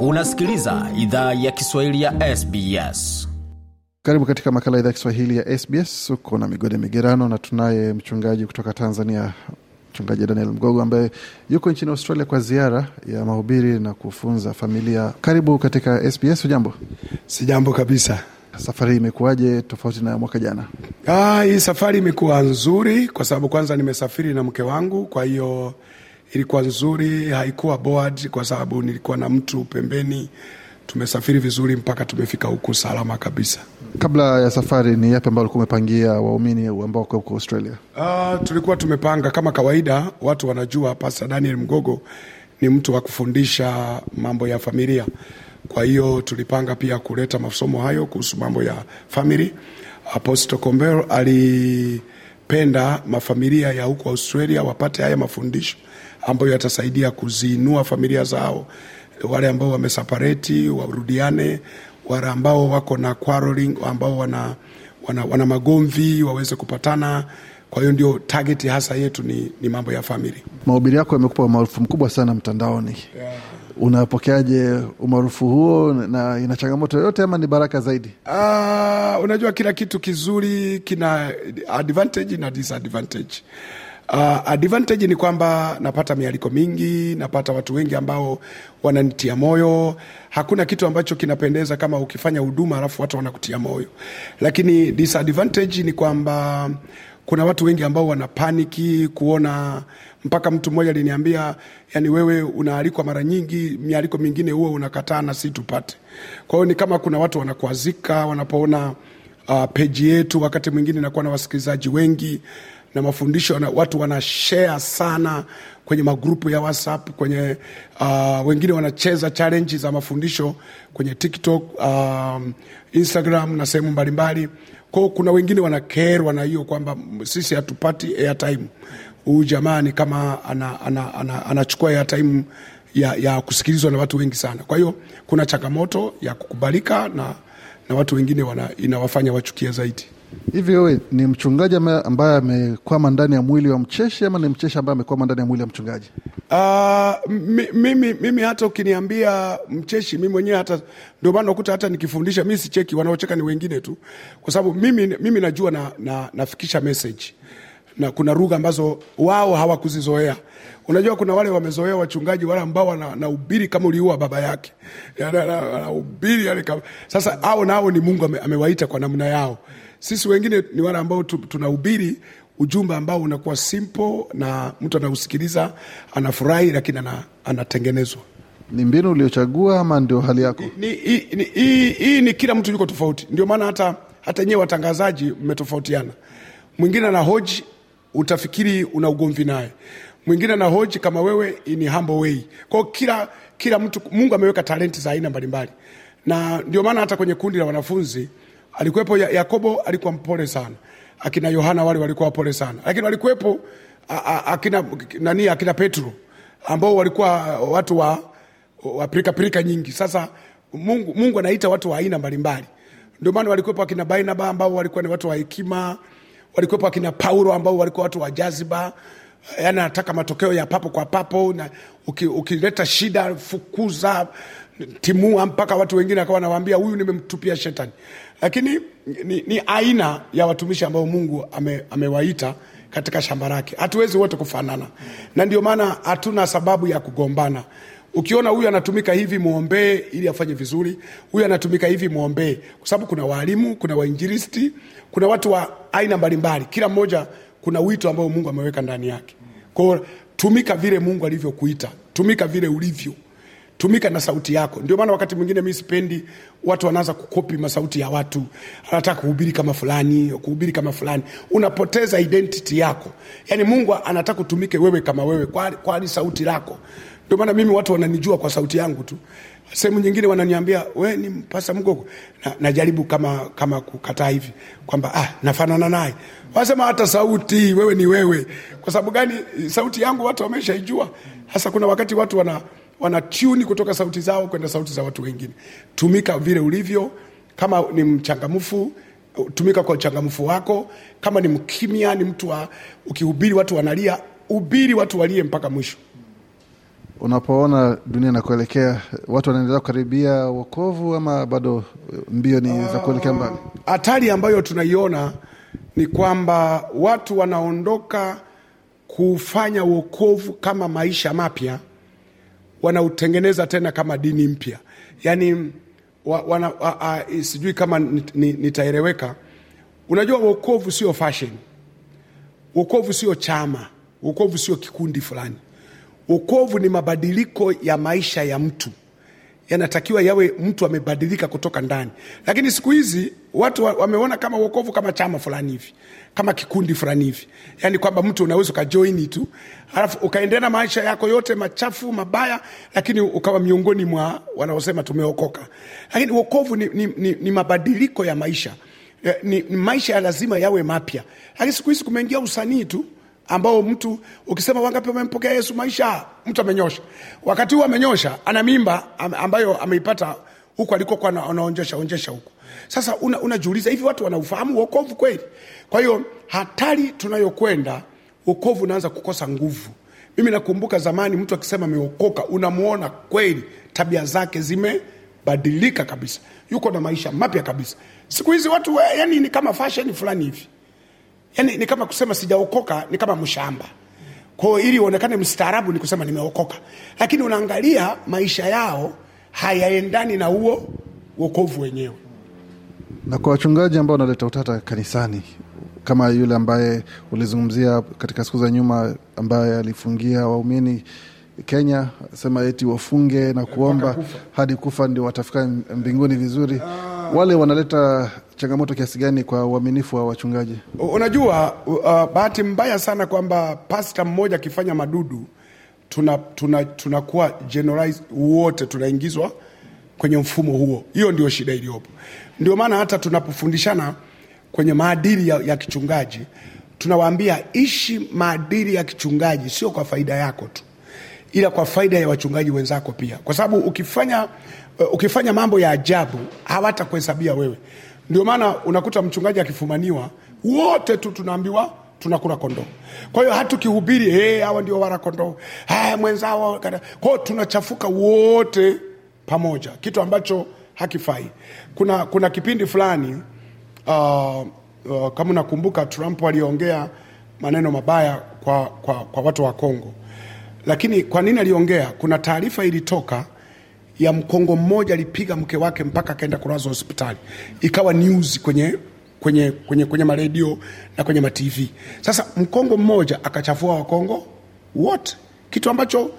Unasikiliza idhaa ya Kiswahili ya SBS. Karibu katika makala idhaa ya Kiswahili ya SBS. Uko na Migode Migerano na tunaye mchungaji kutoka Tanzania, Mchungaji Daniel Mgogo ambaye yuko nchini Australia kwa ziara ya mahubiri na kufunza familia. Karibu katika SBS. Hujambo? jambo kabisa. Safari imekuwaje tofauti na mwaka jana? Ah, hii safari imekuwa nzuri kwa sababu kwanza nimesafiri na mke wangu, kwa hiyo ilikuwa nzuri, haikuwa board kwa sababu nilikuwa na mtu pembeni. Tumesafiri vizuri mpaka tumefika huku salama kabisa. Kabla ya safari, ni yapi ambayo ulikuwa umepangia waumini ambao wako huko Australia? Uh, tulikuwa tumepanga kama kawaida, watu wanajua Pastor Daniel Mgogo ni mtu wa kufundisha mambo ya familia. Kwa hiyo tulipanga pia kuleta masomo hayo kuhusu mambo ya famili. Apostle Combero alipenda mafamilia ya huko Australia wapate haya mafundisho ambayo yatasaidia kuziinua familia zao, wale ambao wamesapareti warudiane, wale ambao wako na quarreling, ambao wana, wana, wana magomvi waweze kupatana. Kwa hiyo ndio target hasa yetu ni, ni mambo ya famili. Mahubiri yako yamekupa umaarufu mkubwa sana mtandaoni, yeah. Unapokeaje umaarufu huo na ina changamoto yoyote ama ni baraka zaidi? Uh, unajua kila kitu kizuri kina advantage na disadvantage. Uh, advantage ni kwamba napata mialiko mingi, napata watu wengi ambao wananitia moyo. Hakuna kitu ambacho kinapendeza kama ukifanya huduma alafu watu wanakutia moyo, lakini disadvantage ni kwamba kuna watu wengi ambao wanapaniki kuona. Mpaka mtu mmoja aliniambia, yani wewe unaalikwa mara nyingi, mialiko mingine huo unakataa na si tupate. Kwa hiyo ni kama kuna watu wanakwazika wanapoona uh, peji yetu. Wakati mwingine nakuwa na wasikilizaji wengi na mafundisho na watu wanashare sana kwenye magrupu ya WhatsApp kwenye uh, wengine wanacheza challenge za mafundisho kwenye TikTok, um, Instagram na sehemu mbalimbali kwao. Kuna wengine wanakerwa na hiyo kwamba sisi hatupati airtime, huyu jamani kama anachukua ana, ana, ana, ana airtime ya, ya kusikilizwa na watu wengi sana. Kwa hiyo kuna changamoto ya kukubalika na, na watu wengine wana, inawafanya wachukie zaidi. Hivi wewe ni mchungaji ambaye amekwama ndani ya mwili wa mcheshi ama ni mcheshi ambaye amekwama ndani ya mwili wa mchungaji? Uh, mimi, mimi hata ukiniambia mcheshi, mimi mwenyewe hata ndio maana nakuta hata nikifundisha mi sicheki, wanaocheka ni wengine tu, kwa sababu mimi, mimi najua na, na, nafikisha message na kuna lugha ambazo wao hawakuzizoea. Unajua, kuna wale wamezoea wachungaji wale ambao wanahubiri kama uliua baba yake, wanahubiri yale kama sasa. Hao nao ni Mungu amewaita kwa namna yao. Sisi wengine ni wale ambao tunahubiri ujumbe ambao unakuwa simple na mtu anausikiliza anafurahi, lakini anatengenezwa. Ni mbinu uliochagua ama ndio hali yako? Hii ni kila mtu yuko tofauti, ndio maana hata hata nyewe watangazaji mmetofautiana. Mwingine ana hoji utafikiri una ugomvi naye. Mwingine na hoji kama wewe ni humble way. kwao kila kila mtu Mungu ameweka talenti za aina mbalimbali, na ndio maana hata kwenye kundi la wanafunzi alikuwepo Yakobo, alikuwa mpole sana. Akina Yohana wale walikuwa wapole sana, lakini walikuwepo akina nani, akina Petro ambao walikuwa watu wa, wa pirika pirika nyingi. Sasa Mungu, Mungu anaita watu wa aina mbalimbali, ndio maana walikuwepo akina bainaba ambao walikuwa ni watu wa hekima walikuwepo akina Paulo ambao walikuwa watu wa jaziba, yani anataka matokeo ya papo kwa papo, na ukileta shida fukuza, timua, mpaka watu wengine akawa nawaambia huyu nimemtupia shetani. Lakini ni, ni aina ya watumishi ambao Mungu ame, amewaita katika shamba lake. Hatuwezi wote kufanana, na ndio maana hatuna sababu ya kugombana. Ukiona huyu anatumika hivi, mwombee ili afanye vizuri. Huyu anatumika hivi, mwombee, kwa sababu kuna waalimu, kuna wainjilisti, kuna watu wa aina mbalimbali. Kila mmoja kuna wito ambao Mungu ameweka ndani yake. Kwa hiyo tumika vile Mungu alivyokuita, tumika vile ulivyo tumika na sauti yako. Ndio maana wakati mwingine mi sipendi watu wanaanza kukopi masauti ya watu, anataka kuhubiri kama fulani, kuhubiri kama fulani, unapoteza identity yako. Yani Mungu anataka kutumike wewe kama wewe, kwa, kwa sauti lako. Ndio maana mimi watu wananijua kwa sauti yangu tu. Sehemu nyingine wananiambia we ni mpasa Mgogo na, najaribu kama, kama kukataa hivi kwamba ah, nafanana naye. Wanasema hata sauti, wewe ni wewe. Kwa sababu gani? Sauti yangu watu wameshaijua. Hasa kuna wakati watu wana wanatuni kutoka sauti zao kwenda sauti za watu wengine. Tumika vile ulivyo. Kama ni mchangamfu, tumika kwa uchangamfu wako. Kama ni mkimya, ni mtu wa ukihubiri watu wanalia, hubiri watu walie mpaka mwisho. Unapoona dunia inakuelekea, watu wanaendelea kukaribia wokovu ama bado mbio ni za kuelekea mbali? Ah, hatari ambayo tunaiona ni kwamba watu wanaondoka kufanya wokovu kama maisha mapya wanautengeneza tena kama dini mpya yani wana, a, a, sijui kama nitaeleweka. Unajua, wokovu sio fashion, wokovu sio chama, wokovu sio kikundi fulani. Wokovu ni mabadiliko ya maisha ya mtu yanatakiwa yawe mtu amebadilika kutoka ndani, lakini siku hizi watu wameona kama uokovu kama chama fulani hivi, kama kikundi fulani hivi, yani kwamba mtu unaweza ukajoini tu alafu ukaendelea na maisha yako yote machafu mabaya, lakini ukawa miongoni mwa wanaosema tumeokoka. Lakini uokovu ni, ni, ni, ni mabadiliko ya maisha eh, ni, ni maisha ya lazima yawe mapya, lakini siku hizi kumeingia usanii tu ambao mtu ukisema wangapi wamempokea Yesu maisha, mtu amenyosha. Wakati huo amenyosha, ana mimba ambayo ameipata huku alikokuwa anaonjesha onjesha huku. Sasa una, hivi watu wanaufahamu wokovu kweli? Kwa hiyo hatari tunayokwenda, wokovu unaanza kukosa nguvu. Mimi nakumbuka zamani mtu akisema ameokoka, unamwona kweli tabia zake zimebadilika kabisa, yuko na maisha mapya kabisa. Siku hizi watu yani ni kama fashion fulani hivi yani ni kama kusema sijaokoka ni kama mshamba kwao ili uonekane mstaarabu ni kusema nimeokoka lakini unaangalia maisha yao hayaendani na huo wokovu wenyewe na kwa wachungaji ambao wanaleta utata kanisani kama yule ambaye ulizungumzia katika siku za nyuma ambaye alifungia waumini Kenya sema eti wafunge na kuomba kufa. hadi kufa ndio watafika mbinguni vizuri. Ah. Wale wanaleta changamoto kiasi gani kwa uaminifu wa wachungaji? Unajua uh, bahati mbaya sana kwamba pasta mmoja akifanya madudu tunakuwa tuna, tuna, generalize wote tunaingizwa kwenye mfumo huo. Hiyo ndio shida iliyopo. Ndio maana hata tunapofundishana kwenye maadili ya, ya kichungaji tunawaambia ishi maadili ya kichungaji, sio kwa faida yako tu, ila kwa faida ya wachungaji wenzako pia, kwa sababu ukifanya, uh, ukifanya mambo ya ajabu hawatakuhesabia wewe. Ndio maana unakuta mchungaji akifumaniwa, wote tu tunaambiwa tunakula kondoo. Kwa hiyo hatukihubiri hey, hawa ndio wala kondoo, haya mwenzao. kwao, tunachafuka wote pamoja, kitu ambacho hakifai. Kuna, kuna kipindi fulani uh, uh, kama unakumbuka Trump aliongea maneno mabaya kwa, kwa, kwa watu wa Kongo, lakini kwa nini aliongea? Kuna taarifa ilitoka ya Mkongo mmoja alipiga mke wake mpaka akaenda kulazwa hospitali, ikawa news kwenye kwenye kwenye kwenye maredio na kwenye matv Sasa Mkongo mmoja akachafua Wakongo wote, kitu ambacho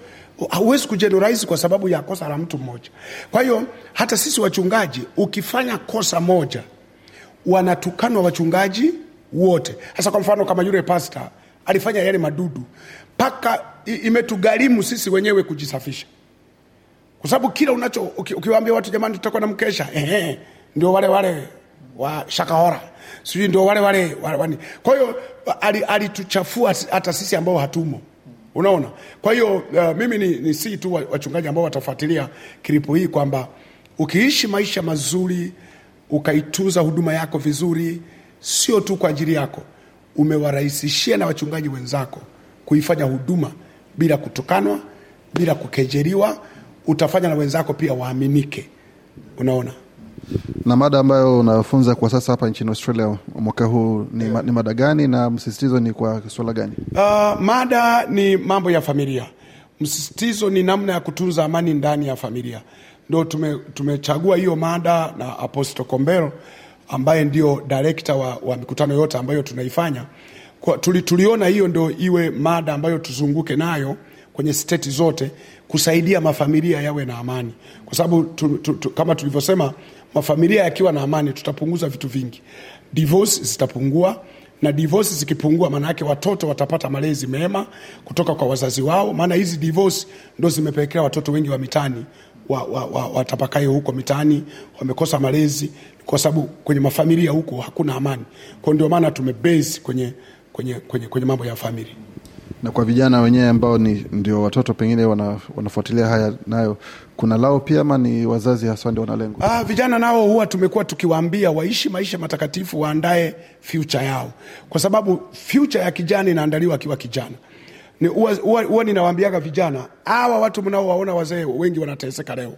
hauwezi kujeneralize kwa sababu ya kosa la mtu mmoja. Kwa hiyo hata sisi wachungaji, ukifanya kosa moja, wanatukanwa wachungaji wote. hasa kwa mfano kama yule pasta alifanya yale madudu, mpaka imetugharimu sisi wenyewe kujisafisha kwa sababu kila unacho ukiwaambia watu jamani, tutakuwa na mkesha ehe, ndio wale wale wa shakahora sijui ndio wale wale, wani Kwa hiyo alituchafua ali hata sisi ambao hatumo unaona. Kwa hiyo uh, mimi ni, ni si tu wachungaji ambao watafuatilia kilipo hii kwamba ukiishi maisha mazuri ukaituza huduma yako vizuri, sio tu kwa ajili yako, umewarahisishia na wachungaji wenzako kuifanya huduma bila kutukanwa, bila kukejeriwa utafanya na wenzako pia waaminike, unaona. Na mada ambayo unafunza kwa sasa hapa nchini Australia mwaka huu ni, yeah. ma, ni mada gani na msisitizo ni kwa swala gani? Uh, mada ni mambo ya familia, msisitizo ni namna ya kutunza amani ndani ya familia. Ndo tume, tumechagua hiyo mada na Apostle Kombero ambaye ndio direkta wa, wa mikutano yote ambayo tunaifanya kwa, tuli, tuliona hiyo ndo iwe mada ambayo tuzunguke nayo kwenye state zote kusaidia mafamilia yawe na amani, kwa sababu tu, tu, tu, kama tulivyosema, mafamilia yakiwa na amani tutapunguza vitu vingi, divorce zitapungua na divorce zikipungua, maana yake watoto watapata malezi mema kutoka kwa wazazi wao, maana hizi divorce ndo zimepelekea watoto wengi wa mitani watapakae wa, wa, wa huko mitaani wamekosa malezi, kwa sababu kwenye mafamilia huko hakuna amani. Kwa ndio maana tumebase kwenye, kwenye, kwenye, kwenye mambo ya famili na kwa vijana wenyewe ambao ni ndio watoto pengine wana, wanafuatilia haya nayo kuna lao pia ama ni wazazi haswa ndio wanalengwa? Ah, vijana nao huwa tumekuwa tukiwaambia waishi maisha matakatifu, waandae fyucha yao, kwa sababu fyuch ya kijana inaandaliwa akiwa kijana huwa ninawaambiaga vijana hawa watu mnaowaona wazee wengi wanateseka leo,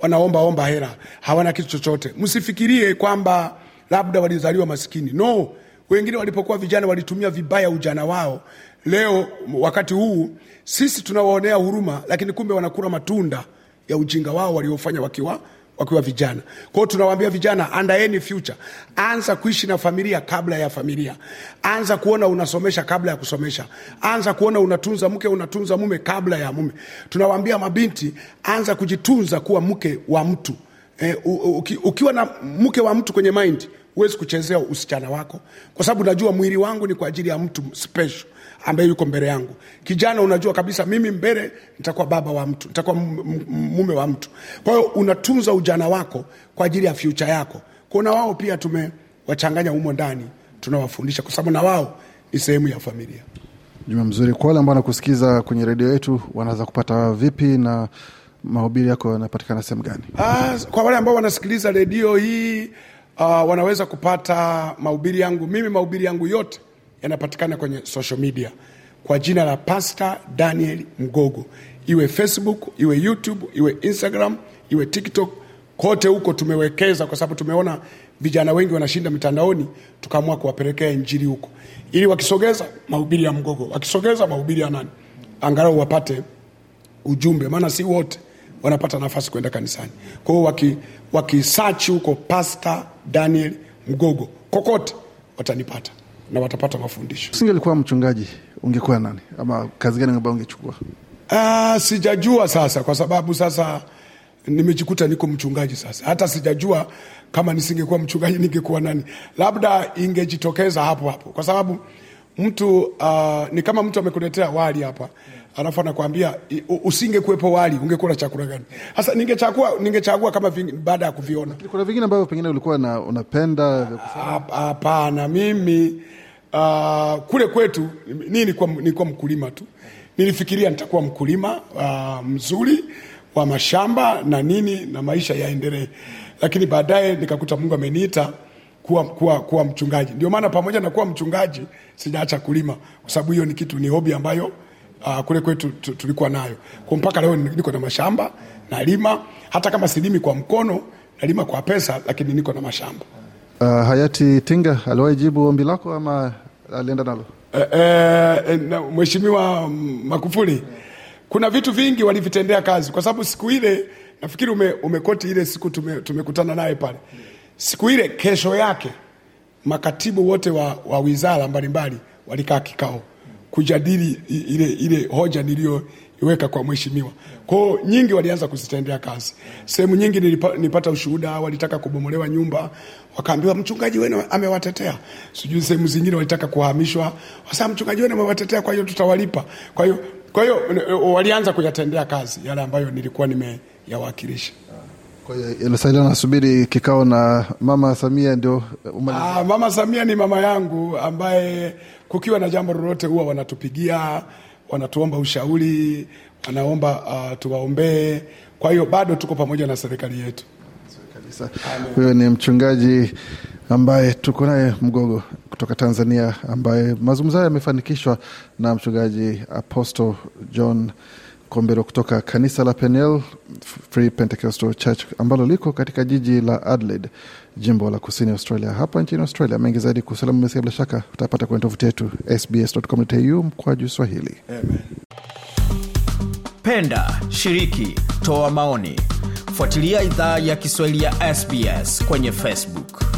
wanaombaomba hera hawana kitu chochote. Msifikirie kwamba labda walizaliwa masikini, no. Wengine walipokuwa vijana walitumia vibaya ujana wao leo wakati huu sisi tunawaonea huruma, lakini kumbe wanakula matunda ya ujinga wao waliofanya wakiwa wakiwa vijana. kwao tunawaambia vijana, andaeni future, anza kuishi na familia kabla ya familia, anza kuona unasomesha kabla ya kusomesha, anza kuona unatunza mke unatunza mume kabla ya mume. Tunawaambia mabinti, anza kujitunza kuwa mke wa mtu. E, u, u, ukiwa na mke wa mtu kwenye maindi huwezi kuchezea usichana wako, kwa sababu najua mwili wangu ni kwa ajili ya mtu special ambaye yuko mbele yangu. Kijana, unajua kabisa mimi mbele nitakuwa baba wa mtu, nitakuwa mume wa mtu. Kwa hiyo unatunza ujana wako kwa ajili ya future yako. Kuna wao pia tumewachanganya humo ndani, tunawafundisha kwa sababu na wao ni sehemu ya familia. Juma mzuri, kwa wale ambao wanakusikiza kwenye redio yetu wanaweza kupata vipi na mahubiri yako yanapatikana sehemu gani? Ah, kwa wale ambao wanasikiliza redio hii uh, wanaweza kupata mahubiri yangu mimi. Mahubiri yangu yote yanapatikana kwenye social media kwa jina la Pastor Daniel Mgogo, iwe Facebook, iwe YouTube, iwe Instagram, iwe TikTok. Kote huko tumewekeza, kwa sababu tumeona vijana wengi wanashinda mitandaoni, tukaamua kuwapelekea injili huko, ili wakisogeza mahubiri ya Mgogo, wakisogeza mahubiri ya nani, angalau wapate ujumbe, maana si wote wanapata nafasi kwenda kanisani. Kwa hiyo waki, wakisachi huko Pasta Daniel Mgogo, kokote watanipata na watapata mafundisho. Singelikuwa mchungaji, ungekuwa nani ama kazi gani ambayo ungechukua? Ah, sijajua sasa, kwa sababu sasa nimejikuta niko mchungaji sasa. Hata sijajua kama nisingekuwa mchungaji ningekuwa nani, labda ingejitokeza hapo hapo, kwa sababu mtu uh, ni kama mtu amekuletea wali hapa alafu anakwambia usingekuwepo wali ungekula chakula gani? Hasa ningechagua ningechagua kama baada ya kuviona. Kuna vingine ambavyo pengine ulikuwa na, unapenda vya kufanya? Hapana, mimi uh, kule kwetu nii nilikuwa, nilikuwa mkulima tu, nilifikiria nitakuwa mkulima uh, mzuri wa mashamba na nini na maisha yaendelee, lakini baadaye nikakuta Mungu ameniita kuwa, kuwa, kuwa mchungaji. Ndio maana pamoja na kuwa mchungaji sijaacha kulima, kwa sababu hiyo ni kitu, ni hobi ambayo uh, kule kwetu tulikuwa nayo kwa mpaka leo. Niko na mashamba nalima, hata kama silimi kwa mkono, nalima kwa pesa, lakini niko na mashamba. Uh, hayati Tinga aliwahi jibu ombi lako ama alienda nalo? Eh, eh, eh Mheshimiwa Magufuli, kuna vitu vingi walivitendea kazi, kwa sababu siku ile nafikiri ume, umekoti ile siku tume, tumekutana naye pale Siku ile kesho yake makatibu wote wa, wa wizara mbalimbali walikaa kikao kujadili ile, ile hoja niliyoiweka kwa mheshimiwa. Kwa hiyo nyingi walianza kuzitendea kazi, sehemu nyingi nilipata ushuhuda. Walitaka kubomolewa nyumba, wakaambiwa mchungaji wenu amewatetea. Sijui sehemu zingine walitaka kuhamishwa, wasa mchungaji wenu amewatetea, kwa hiyo tutawalipa. Kwa hiyo kwa hiyo eh, walianza kuyatendea kazi yale ambayo nilikuwa nimeyawakilisha. Kwa hiyo nasubiri kikao na mama Samia ndio umaliza. Ah, mama Samia ni mama yangu ambaye kukiwa na jambo lolote huwa wanatupigia, wanatuomba ushauri, wanaomba uh, tuwaombee. Kwa hiyo bado tuko pamoja na serikali yetu Huyo ni mchungaji ambaye tuko naye Mgogo kutoka Tanzania, ambaye mazungumzo hayo yamefanikishwa na mchungaji Apostle John kombero kutoka kanisa la Penel Free Pentecostal Church ambalo liko katika jiji la Adelaide, jimbo la kusini Australia. Hapa nchini Australia, mengi zaidi kusalamu umesikia, bila shaka utapata kwenye tovuti yetu sbs.com.au mkwaju Swahili. Amen. Penda, shiriki, toa maoni, fuatilia idhaa ya Kiswahili ya SBS kwenye Facebook.